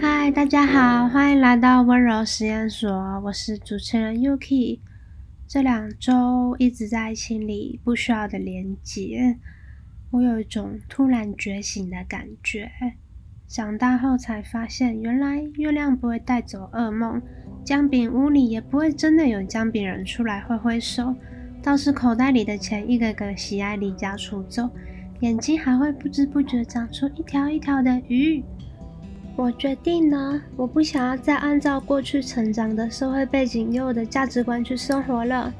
嗨，大家好，歡迎來到溫柔實驗所。我是主持人 Yuki。這兩週一直在清理不需要的連結，我有一種突然覺醒的感覺。長大後才發現，原來月亮不會帶走噩夢，薑餅屋裡也不會真的有薑餅人出來揮揮手，倒是口袋裡的錢一個個喜愛離家出走。眼睛還會不知不覺長出一條一條的魚。我決定呢，我不想要再按照過去成長的社會背景給我的價值觀去生活了。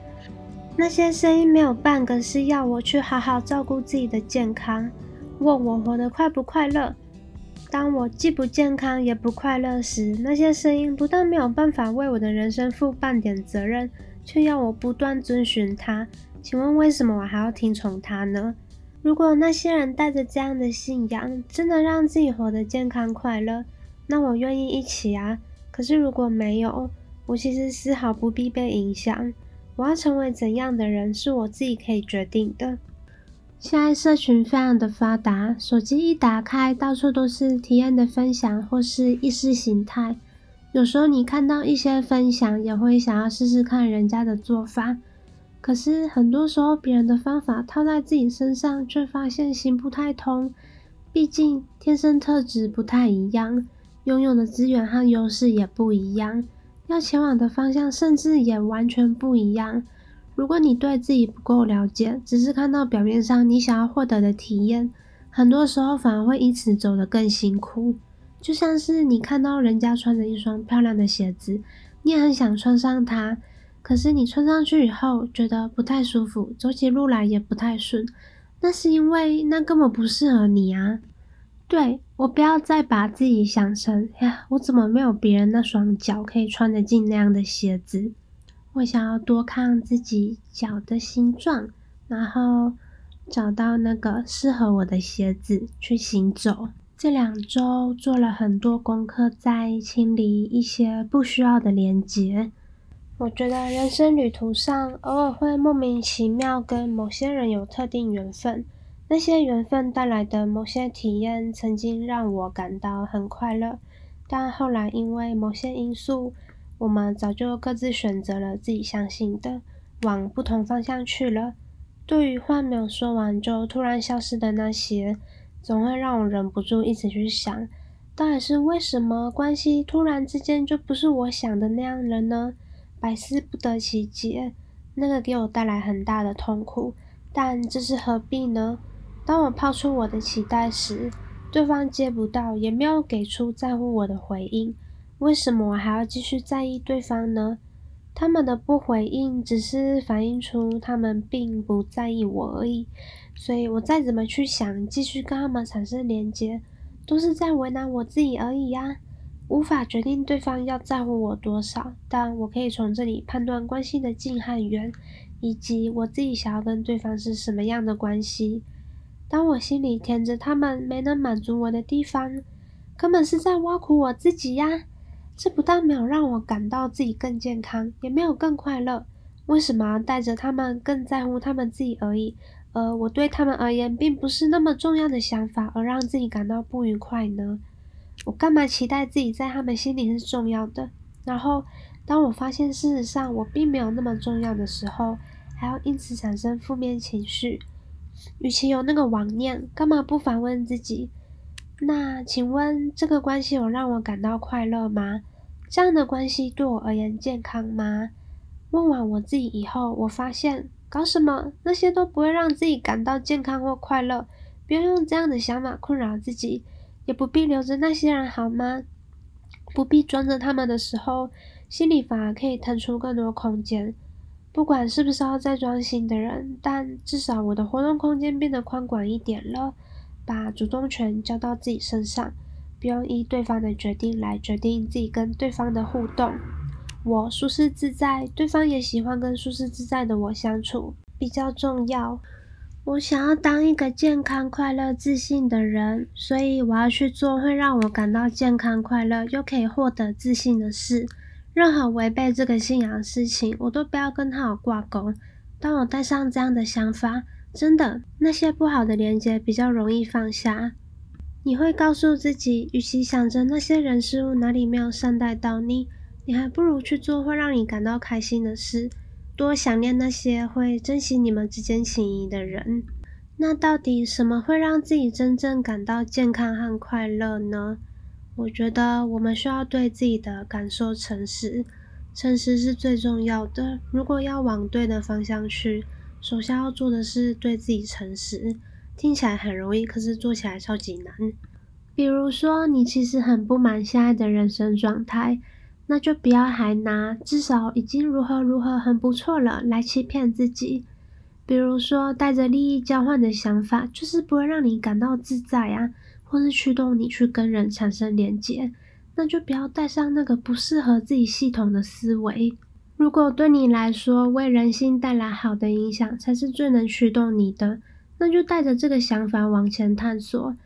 那些聲音沒有半個是要我去好好照顧自己的健康，問我活得快不快樂？當我既不健康也不快樂時，那些聲音不但沒有辦法為我的人生負半點責任，卻要我不斷遵循它。請問為什麼我還要聽從它呢？如果那些人帶着這樣的信仰，真的讓自己活得健康快樂，那我願意一起啊。可是如果沒有，我其實絲毫不必被影響。我要成為怎樣的人，是我自己可以決定的。現在社群非常的發達，手機一打開，到處都是體驗的分享或是意識形態。有時候你看到一些分享，也會想要試試看人家的做法。可是很多時候，別人的方法套在自己身上，卻發現行不太通。畢竟天生特質不太一樣，擁有的資源和優勢也不一樣，要前往的方向甚至也完全不一樣。如果你對自己不夠了解，只是看到表面上你想要獲得的體驗，很多時候反而會因此走得更辛苦。就像是你看到人家穿着一雙漂亮的鞋子，你也很想穿上它。可是你穿上去以後覺得不太舒服，走起路來也不太順，那是因為那根本不適合你啊。對，我不要再把自己想成，哎呀，我怎麼沒有別人那雙腳可以穿得進那樣的鞋子？我想要多看自己腳的形狀，然後找到那個適合我的鞋子去行走。這兩週做了很多功課，在清理一些不需要的連結。我覺得人生旅途上，偶爾會莫名其妙跟某些人有特定緣分，那些緣分帶來的某些體驗，曾經讓我感到很快樂。但後來因為某些因素，我們早就各自選擇了自己相信的，往不同方向去了。對於話沒有說完就突然消失的那些，總會讓我忍不住一直去想，到底是為什麼關係突然之間就不是我想的那樣了呢？百思不得其解，那個給我帶來很大的痛苦，但這是何必呢？當我拋出我的期待時，對方接不到，也沒有給出在乎我的回應，為什麼我還要繼續在意對方呢？他們的不回應只是反映出他們並不在意我而已，所以我再怎麼去想，繼續跟他們產生連接，都是在為難我自己而已啊。無法決定對方要在乎我多少，但我可以從這裡判斷關係的近和遠，以及我自己想要跟對方是什麼樣的關係。當我心裡填着他們沒能滿足我的地方，根本是在挖苦我自己呀！這不但沒有讓我感到自己更健康，也沒有更快樂。為什麼帶着他們更在乎他們自己而已，而我對他們而言並不是那麼重要的想法，而讓自己感到不愉快呢？我幹嘛期待自己在他們心裡是重要的？然後當我發現事實上我並沒有那麼重要的時候，還要因此產生負面情緒，與其有那個妄念，幹嘛不反問自己？那請問這個關係有讓我感到快樂嗎？這樣的關係對我而言健康嗎？問完我自己以後，我發現搞什麼，那些都不會讓自己感到健康或快樂，不要用這樣的想法困擾自己。也不必留着那些人好嗎？不必裝着他們的時候，心裡反而可以騰出更多空間。不管是不是要再裝新的人，但至少我的活動空間變得寬廣一點了。把主動權交到自己身上，不用依對方的決定來決定自己跟對方的互動。我舒適自在，對方也喜歡跟舒適自在的我相處，比較重要。我想要當一個健康、快樂、自信的人，所以我要去做會讓我感到健康、快樂，又可以獲得自信的事。任何違背這個信仰的事情，我都不要跟它有掛鈎。當我帶上這樣的想法，真的，那些不好的連結比較容易放下。你會告訴自己，與其想着那些人事物哪裡沒有善待到你，你還不如去做會讓你感到開心的事。多想念那些會珍惜你們之間情誼的人。那到底什麼會讓自己真正感到健康和快樂呢？我覺得我們需要對自己的感受誠實，誠實是最重要的。如果要往對的方向去，首先要做的是對自己誠實。聽起來很容易，可是做起來超級難。比如說，你其實很不滿現在的人生狀態。那就不要還拿至少已經如何如何很不錯了來欺騙自己，比如說帶着利益交換的想法，就是不會讓你感到自在啊，或是驅動你去跟人產生連接。那就不要帶上那個不適合自己系統的思維。如果對你來說，為人性帶來好的影響才是最能驅動你的，那就帶着這個想法往前探索。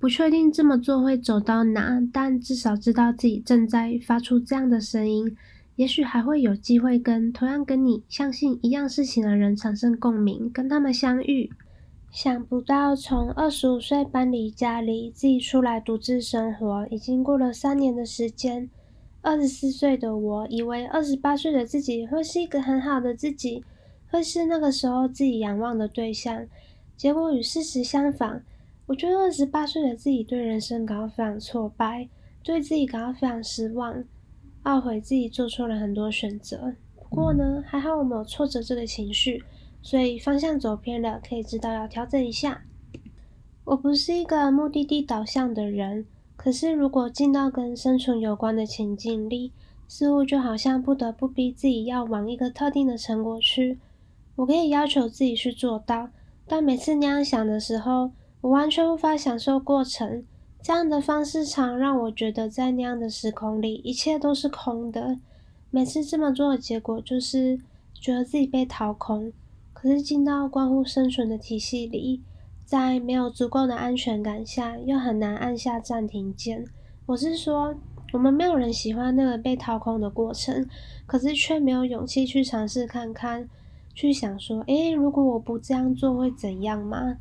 不確定這麼做會走到哪，但至少知道自己正在發出這樣的聲音。也許還會有機會跟同樣跟你相信一樣事情的人產生共鳴，跟他們相遇。想不到，從二十五歲搬離家裡，自己出來獨自生活，已經過了三年的時間。二十四歲的我以為二十八歲的自己會是一個很好的自己，會是那個時候自己仰望的對象，結果與事實相反。我覺得二十八歲的自己對人生感到非常挫敗，對自己感到非常失望，懊悔自己做錯了很多選擇。不過呢，還好我們有挫折這個情緒，所以方向走偏了，可以知道要調整一下。我不是一個目的地導向的人，可是如果進到跟生存有關的情境裡，似乎就好像不得不逼自己要往一個特定的成果去。我可以要求自己去做到，但每次那樣想的時候，我完全無法享受過程，這樣的方式常讓我覺得在那樣的時空裡一切都是空的。每次這麼做的結果就是覺得自己被掏空。可是進到關乎生存的體系裡，在沒有足夠的安全感下，又很難按下暫停鍵。我是說，我們沒有人喜歡那個被掏空的過程，可是卻沒有勇氣去嘗試看看，去想說：誒，如果我不這樣做會怎樣嗎？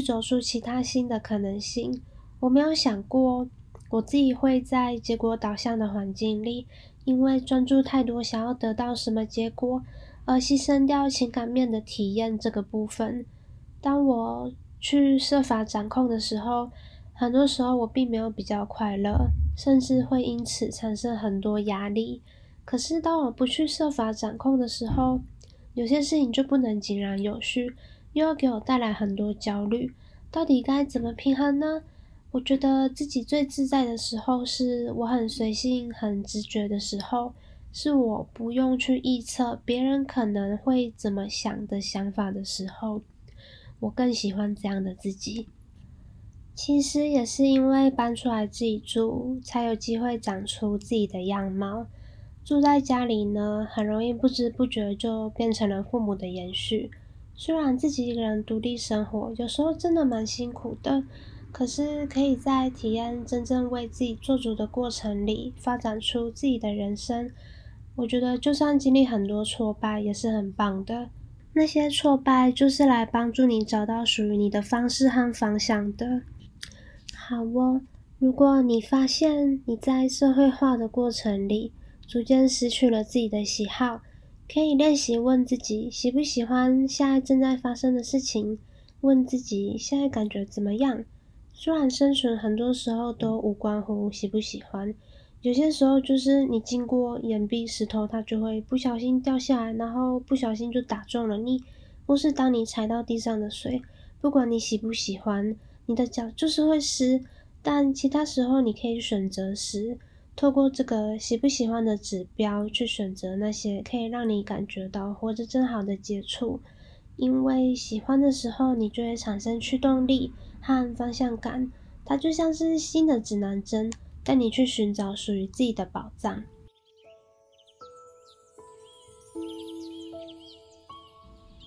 去走出其他新的可能性。我沒有想過，我自己會在結果導向的環境裡，因為專注太多想要得到什麼結果，而犧牲掉情感面的體驗這個部分。當我去設法掌控的時候，很多時候我並沒有比較快樂，甚至會因此產生很多壓力。可是，當我不去設法掌控的時候，有些事情就不能井然有序。又要給我帶來很多焦慮，到底該怎麼平衡呢？我覺得自己最自在的時候，是我很隨性、很直覺的時候，是我不用去預測別人可能會怎麼想的想法的時候，我更喜歡這樣的自己。其實也是因為搬出來自己住，才有機會長出自己的樣貌。住在家裡呢，很容易不知不覺就變成了父母的延續。雖然自己一個人獨立生活，有時候真的蠻辛苦的，可是可以在體驗真正為自己做主的過程裡，發展出自己的人生。我覺得，就算經歷很多挫敗，也是很棒的。那些挫敗，就是來幫助你找到屬於你的方式和方向的。好哦，如果你發現你在社會化的過程裡，逐漸失去了自己的喜好。可以練習問自己喜不喜歡現在正在發生的事情，問自己現在感覺怎麼樣。雖然生存很多時候都無關乎喜不喜歡，有些時候就是你經過岩壁石頭，它就會不小心掉下來，然後不小心就打中了你；或是當你踩到地上的水，不管你喜不喜歡，你的腳就是會濕。但其他時候你可以選擇濕。透過這個喜不喜歡的指標去選擇那些可以讓你感覺到活着真好的接觸，因為喜歡的時候，你就會產生驅動力和方向感，它就像是新的指南針，帶你去尋找屬於自己的寶藏。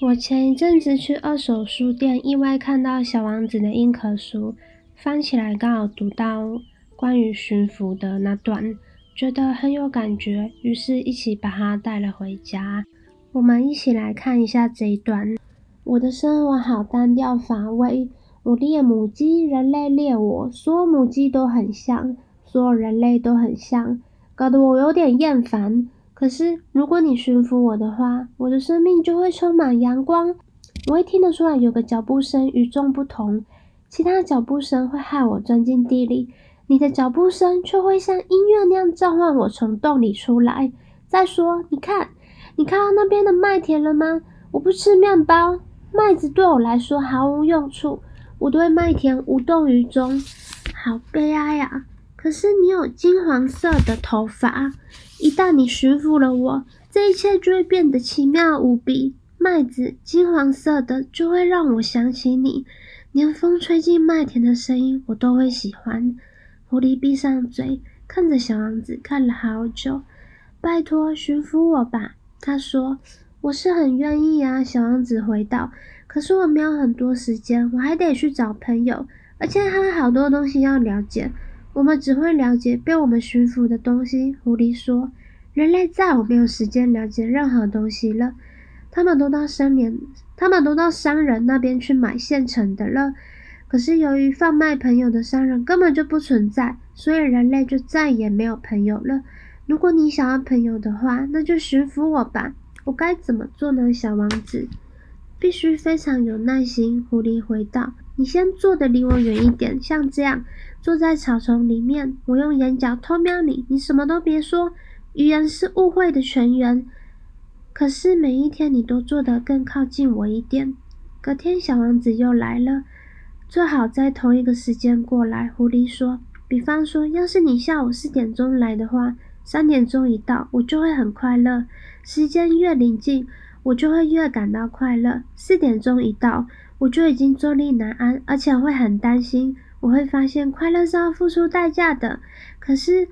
我前一陣子去二手書店，意外看到《小王子》的硬殼書，翻起來剛好讀到。關於馴服的那段，覺得很有感覺，於是一起把它帶了回家。我們一起來看一下這一段。我的生活好單調乏味，我獵母雞，人類獵我，所有母雞都很像，所有人類都很像，搞得我有點厭煩。可是如果你馴服我的話，我的生命就會充滿陽光。我會聽得出來，有個腳步聲與眾不同，其他腳步聲會害我鑽進地裡。你的腳步聲卻會像音樂那樣召喚我從洞裡出來。再說，你看，你看到那邊的麥田了嗎？我不吃麵包，麥子對我來說毫無用處，我對麥田無動於衷，好悲哀呀、啊。可是你有金黃色的頭髮，一旦你馴服了我，這一切就會變得奇妙無比。麥子金黃色的，就會讓我想起你，連風吹進麥田的聲音，我都會喜歡。狐狸閉上嘴，看着小王子看了好久。拜托，馴服我吧，他說。我是很願意啊，小王子回道。可是我沒有很多時間，我還得去找朋友，而且還有好多東西要了解。我們只會了解被我們馴服的東西，狐狸說。人類再也沒有時間了解任何東西了，他們都到商人，他們都到商人那邊去買現成的了。可是，由於販賣朋友的商人根本就不存在，所以人類就再也沒有朋友了。如果你想要朋友的話，那就馴服我吧。我該怎麼做呢，小王子？必須非常有耐心。狐狸回道：“你先坐的離我遠一點，像這樣坐在草叢裡面。我用眼角偷瞄你，你什麼都別說。語言是誤會的泉源，可是每一天，你都坐得更靠近我一點。隔天，小王子又來了。”最好在同一個時間過來。狐狸說：“比方說，要是你下午四點鐘來的話，三點鐘一到，我就會很快樂。時間越臨近，我就會越感到快樂。四點鐘一到，我就已經坐立難安，而且會很擔心。我會發現快樂是要付出代價的。可是，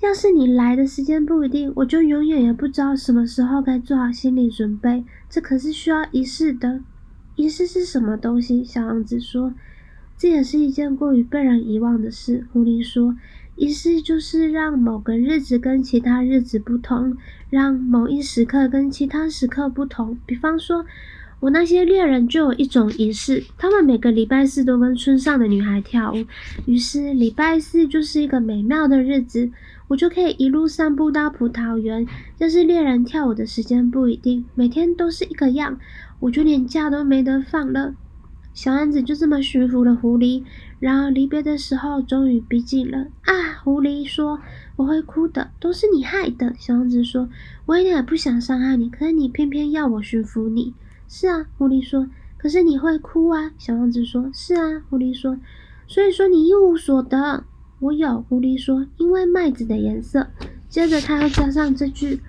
要是你來的時間不一定，我就永遠也不知道什麼時候該做好心理準備。這可是需要儀式的。儀式是什麼東西？”小王子說。這也是一件過於被人遺忘的事。狐狸說：“儀式就是讓某個日子跟其他日子不同，讓某一時刻跟其他時刻不同。比方說，我那些獵人就有一種儀式，他們每個禮拜四都跟村上的女孩跳舞，於是禮拜四就是一個美妙的日子，我就可以一路散步到葡萄園。但是獵人跳舞的時間不一定，每天都是一個樣，我就連假都沒得放了。”小王子就這麼馴服了狐狸，然而離別的時候終於逼近了啊！狐狸說：“我會哭的，都是你害的。”小王子說：“我一點也不想傷害你，可是你偏偏要我馴服你。”是啊，狐狸說：“可是你會哭啊。”小王子說：“是啊，狐狸說。”所以說你一無所得。我有，狐狸說：“因為麥子的顏色。”接着他要加上這句：“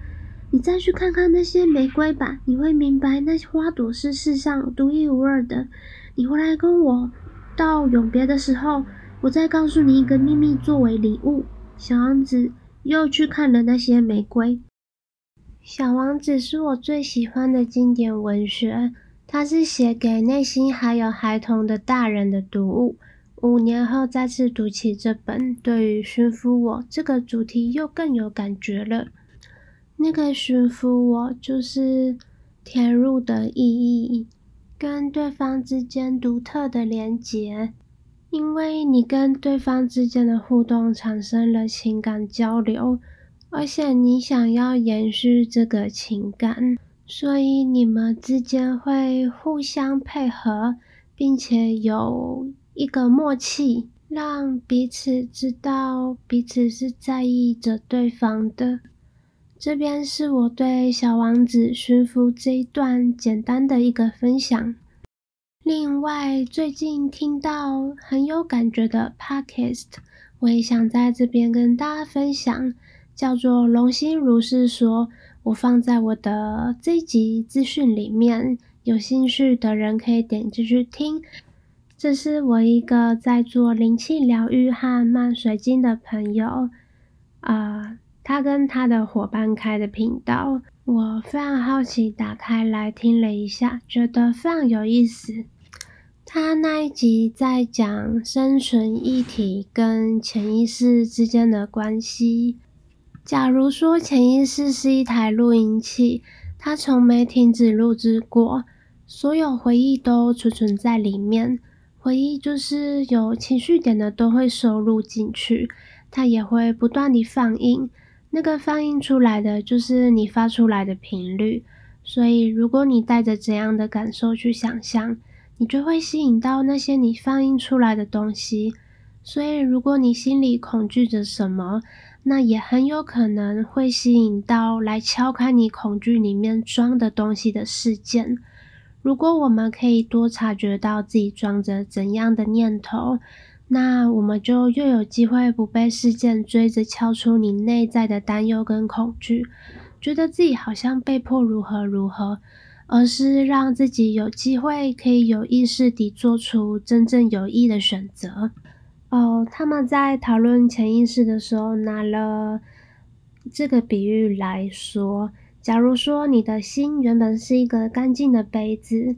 你再去看看那些玫瑰吧，你會明白那些花朵是世上獨一無二的。”你回來跟我道永別的時候，我再告訴你一個秘密作為禮物。小王子又去看了那些玫瑰。小王子是我最喜歡的經典文學，它是寫給內心還有孩童的大人的讀物。五年後再次讀起這本，對於馴服我這個主題又更有感覺了。那個馴服我，就是填入的意義，跟對方之間獨特的連結，因為你跟對方之間的互動產生了情感交流，而且你想要延續這個情感，所以你們之間會互相配合，並且有一個默契，讓彼此知道彼此是在意着對方的。這邊是我對《小王子》馴服這一段簡單的一個分享。另外，最近聽到很有感覺的 podcast，我也想在這邊跟大家分享，叫做“瓏心如是說”。我放在我的這一集資訊裡面，有興趣的人可以點進去聽。這是我一個在做靈氣療癒和漫水晶的朋友，啊。他跟他的夥伴開的頻道，我非常好奇，打開來聽了一下，覺得非常有意思。他那一集在講生存議題跟潛意識之間的關係。假如說潛意識是一台錄音器，它從沒停止錄製過，所有回憶都儲存在裡面。回憶就是有情緒點的都會收錄進去，它也會不斷地放映。那個放映出來的就是你發出來的頻率，所以如果你帶着怎樣的感受去想象，你就會吸引到那些你放映出來的東西。所以如果你心裡恐懼着什麼，那也很有可能會吸引到來敲開你恐懼裡面裝的東西的事件。如果我們可以多察覺到自己裝着怎樣的念頭，那我們就又有機會不被事件追着敲出你內在的擔憂跟恐懼，覺得自己好像被迫如何如何，而是讓自己有機會可以有意識地做出真正有益的選擇。哦，他們在討論潛意識的時候拿了這個比喻來說，假如說你的心原本是一個乾淨的杯子。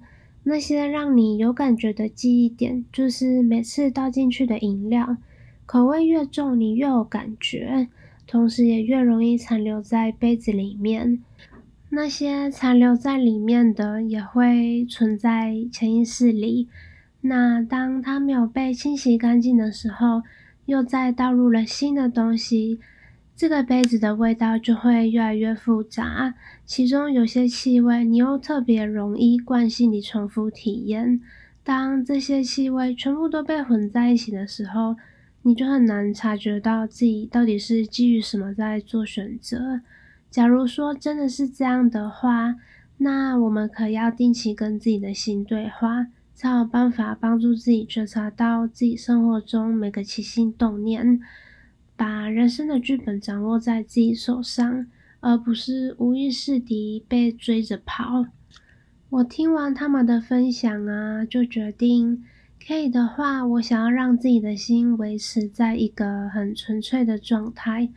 那些讓你有感覺的記憶點，就是每次倒進去的飲料，口味越重，你越有感覺，同時也越容易殘留在杯子裡面。那些殘留在裡面的，也會存在潛意識裡。那當它沒有被清洗乾淨的時候，又再倒入了新的東西。這個杯子的味道就會越來越複雜，其中有些氣味你又特別容易慣性地重複體驗。當這些氣味全部都被混在一起的時候，你就很難察覺到自己到底是基於什麼在做選擇。假如說真的是這樣的話，那我們可要定期跟自己的心對話，才有辦法幫助自己覺察到自己生活中每個起心動念。把人生的劇本掌握在自己手上，而不是無意識地被追着跑。我聽完他們的分享啊，就決定可以的話，我想要讓自己的心維持在一個很純粹的狀態，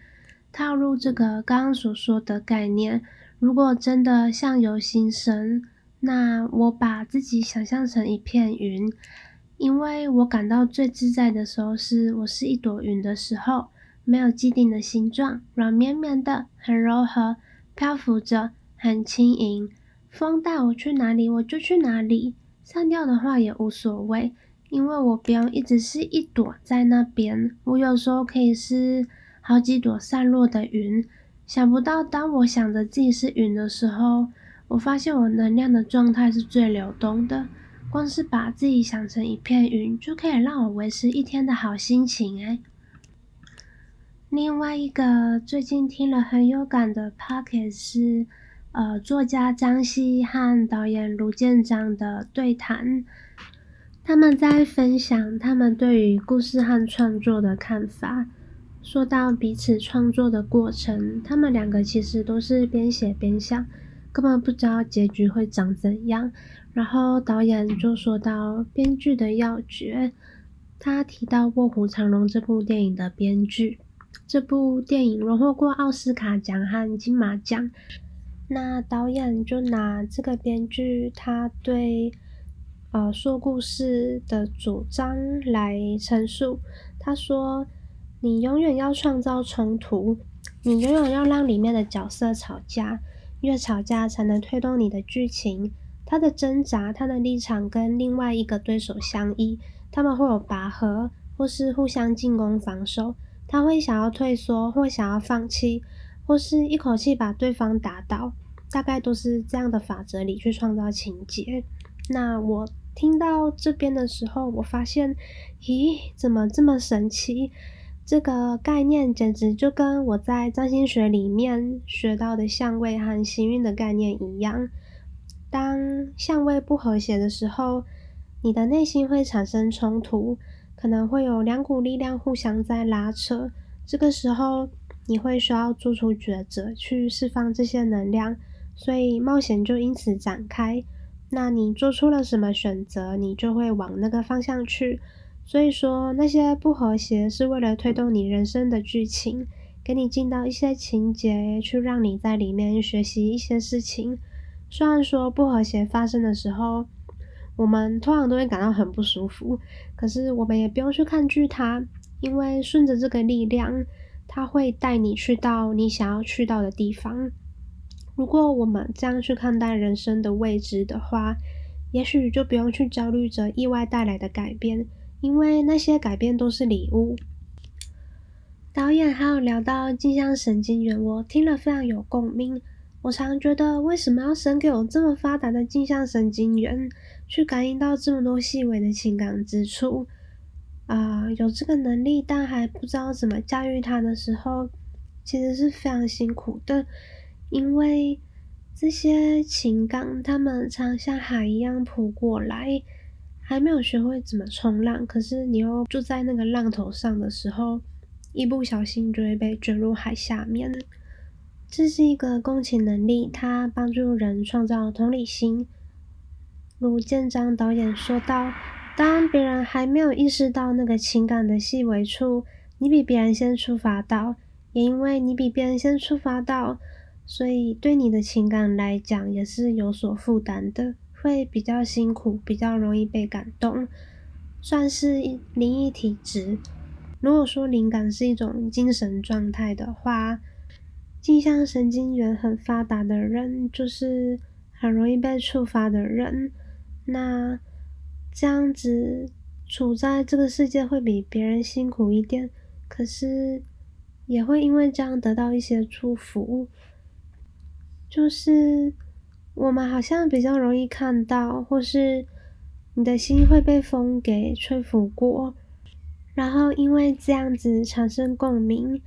套入這個剛剛所說的概念。如果真的相由心生，那我把自己想象成一片雲，因為我感到最自在的時候，是我是一朵雲的時候。沒有既定的形狀，軟綿綿的，很柔和，漂浮着，很輕盈。風帶我去哪裡，我就去哪裡。散掉的話也無所謂，因為我不用一直是一朵在那邊。我有時候可以是好幾朵散落的雲。想不到，當我想着自己是雲的時候，我發現我能量的狀態是最流動的。光是把自己想成一片雲，就可以讓我維持一天的好心情哎、欸。另外一個最近聽了很有感的 podcast 是，呃，作家張西和導演盧建彰的對談。他們在分享他們對於故事和創作的看法。說到彼此創作的過程，他們兩個其實都是邊寫邊想，根本不知道結局會長怎樣。然後導演就說到編劇的要訣，他提到《臥虎藏龍》這部電影的編劇。這部電影榮獲過奧斯卡獎和金馬獎。那導演就拿這個編劇他對呃說故事的主張來陳述。他說：“你永遠要創造衝突，你永遠要讓裡面的角色吵架，越吵架才能推動你的劇情。他的掙扎，他的立場跟另外一個對手相依，他們會有拔河或是互相進攻防守。”他會想要退縮，或想要放棄，或是一口氣把對方打倒，大概都是這樣的法則裡去創造情節。那我聽到這邊的時候，我發現，咦，怎麼這麼神奇？這個概念簡直就跟我在占星學裡面學到的相位和行運的概念一樣。當相位不和諧的時候，你的內心會產生衝突。可能會有兩股力量互相在拉扯，這個時候你會需要做出抉擇，去釋放這些能量，所以冒險就因此展開。那你做出了什麼選擇，你就會往那個方向去。所以說，那些不和諧是為了推動你人生的劇情，給你進到一些情節，去讓你在裡面學習一些事情。雖然說不和諧發生的時候，我們通常都會感到很不舒服，可是我們也不用去抗拒它，因為順着這個力量，它會帶你去到你想要去到的地方。如果我們這樣去看待人生的位置的話，也許就不用去焦慮着意外帶來的改變，因為那些改變都是禮物。導演還有聊到鏡像神經元，我聽了非常有共鳴。我常覺得，為什麼要生給我這麼發達的鏡像神經元，去感應到這麼多細微的情感之處？啊、呃，有這個能力，但還不知道怎麼駕馭它的時候，其實是非常辛苦的。因為這些情感，它們常像海一樣撲過來，還沒有學會怎麼衝浪，可是你又住在那個浪頭上的時候，一不小心就會被捲入海下面。這是一個共情能力，它幫助人創造同理心。盧建彰導演說到：“當別人還沒有意識到那個情感的細微處，你比別人先觸發到，也因為你比別人先觸發到，所以對你的情感來講也是有所負擔的，會比較辛苦，比較容易被感動，算是靈異體質。如果說靈感是一種精神狀態的話。”鏡像神經元很發達的人，就是很容易被觸發的人。那這樣子處在這個世界會比別人辛苦一點，可是也會因為這樣得到一些祝福。就是我們好像比較容易看到，或是你的心會被風給吹拂過，然後因為這樣子產生共鳴。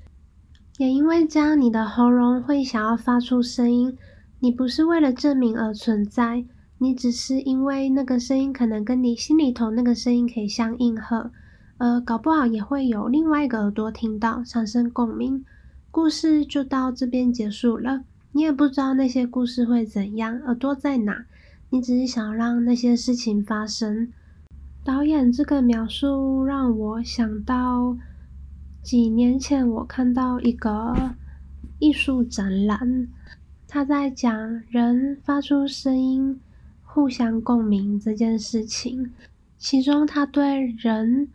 也因為這樣，你的喉嚨會想要發出聲音。你不是為了證明而存在，你只是因為那個聲音可能跟你心裡頭那個聲音可以相應和，呃，搞不好也會有另外一個耳朵聽到，產生共鳴。故事就到這邊結束了，你也不知道那些故事會怎樣，耳朵在哪，你只是想要讓那些事情發生。導演這個描述讓我想到。幾年前，我看到一個藝術展覽，他在講人發出聲音、互相共鳴這件事情。其中它，他對“人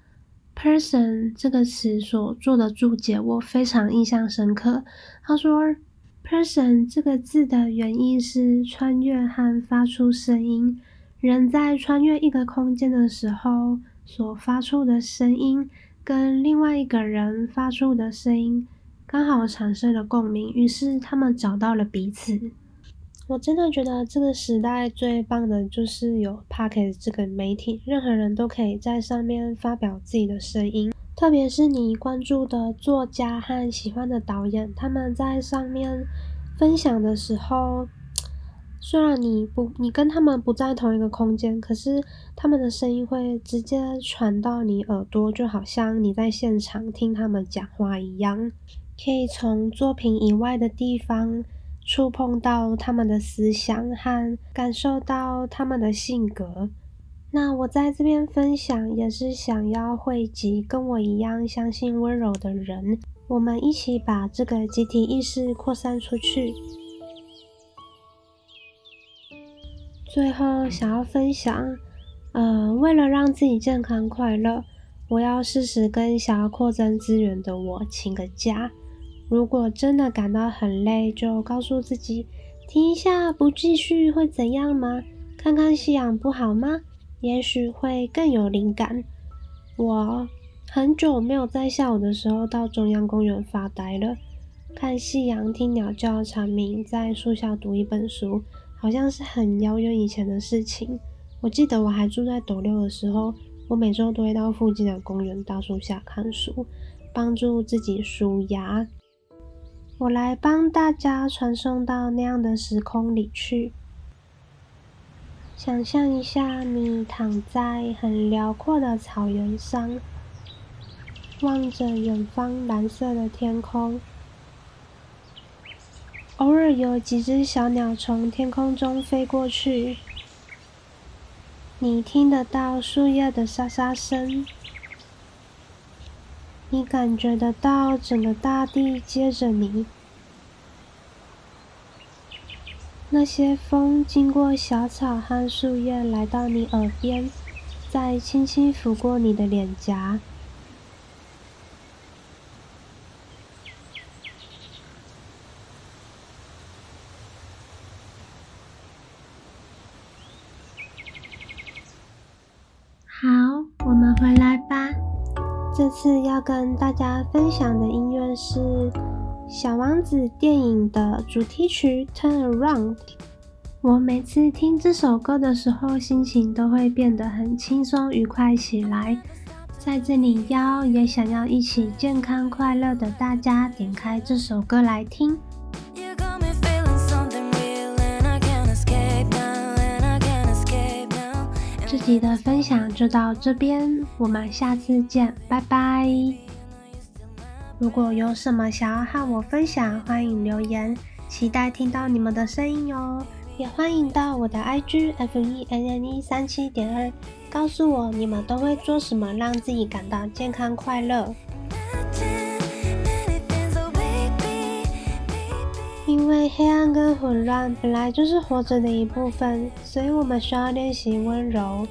”（person） 這個詞所做的注解，我非常印象深刻。他說，“person” 這個字的原意是穿越和發出聲音。人在穿越一個空間的時候，所發出的聲音。跟另外一個人發出的聲音剛好產生了共鳴，於是他們找到了彼此。我真的覺得這個時代最棒的就是有 Podcast 這個媒體，任何人都可以在上面發表自己的聲音，特別是你關注的作家和喜歡的導演，他們在上面分享的時候。雖然你不，你跟他們不在同一個空間，可是他們的聲音會直接傳到你耳朵，就好像你在現場聽他們講話一樣，可以從作品以外的地方觸碰到他們的思想和感受到他們的性格。那我在這邊分享，也是想要匯集跟我一樣相信溫柔的人，我們一起把這個集體意識擴散出去。最後想要分享，呃，為了讓自己健康快樂，我要適時跟想要擴增資源的我請個假。如果真的感到很累，就告訴自己，停一下，不繼續會怎樣嗎？看看夕陽不好嗎？也許會更有靈感。我很久沒有在下午的時候到中央公園發呆了，看夕陽，聽鳥叫蟬鳴，在樹下讀一本書。好像是很遙遠以前的事情。我記得我還住在斗六的時候，我每周都會到附近的公園大樹下看書，幫助自己舒壓。我來幫大家傳送到那樣的時空裡去。想象一下，你躺在很遼闊的草原上，望着遠方藍色的天空。偶爾有幾隻小鳥從天空中飛過去，你聽得到樹葉的沙沙聲，你感覺得到整個大地接着你。那些風經過小草和樹葉，來到你耳邊，再輕輕拂過你的臉頰。要跟大家分享的音樂是《小王子》電影的主題曲《Turn Around》。我每次聽這首歌的時候，心情都會變得很輕鬆愉快起來。在這裡，邀也想要一起健康快樂的大家點開這首歌來聽。今天的分享就到這邊，我們下次見，拜拜！如果有什麼想要和我分享，歡迎留言，期待聽到你們的聲音喲、哦。也歡迎到我的 IG Femme 三七點二，告訴我你們都會做什麼讓自己感到健康快樂。因為黑暗跟混亂本來就是活着的一部分，所以我們需要練習溫柔。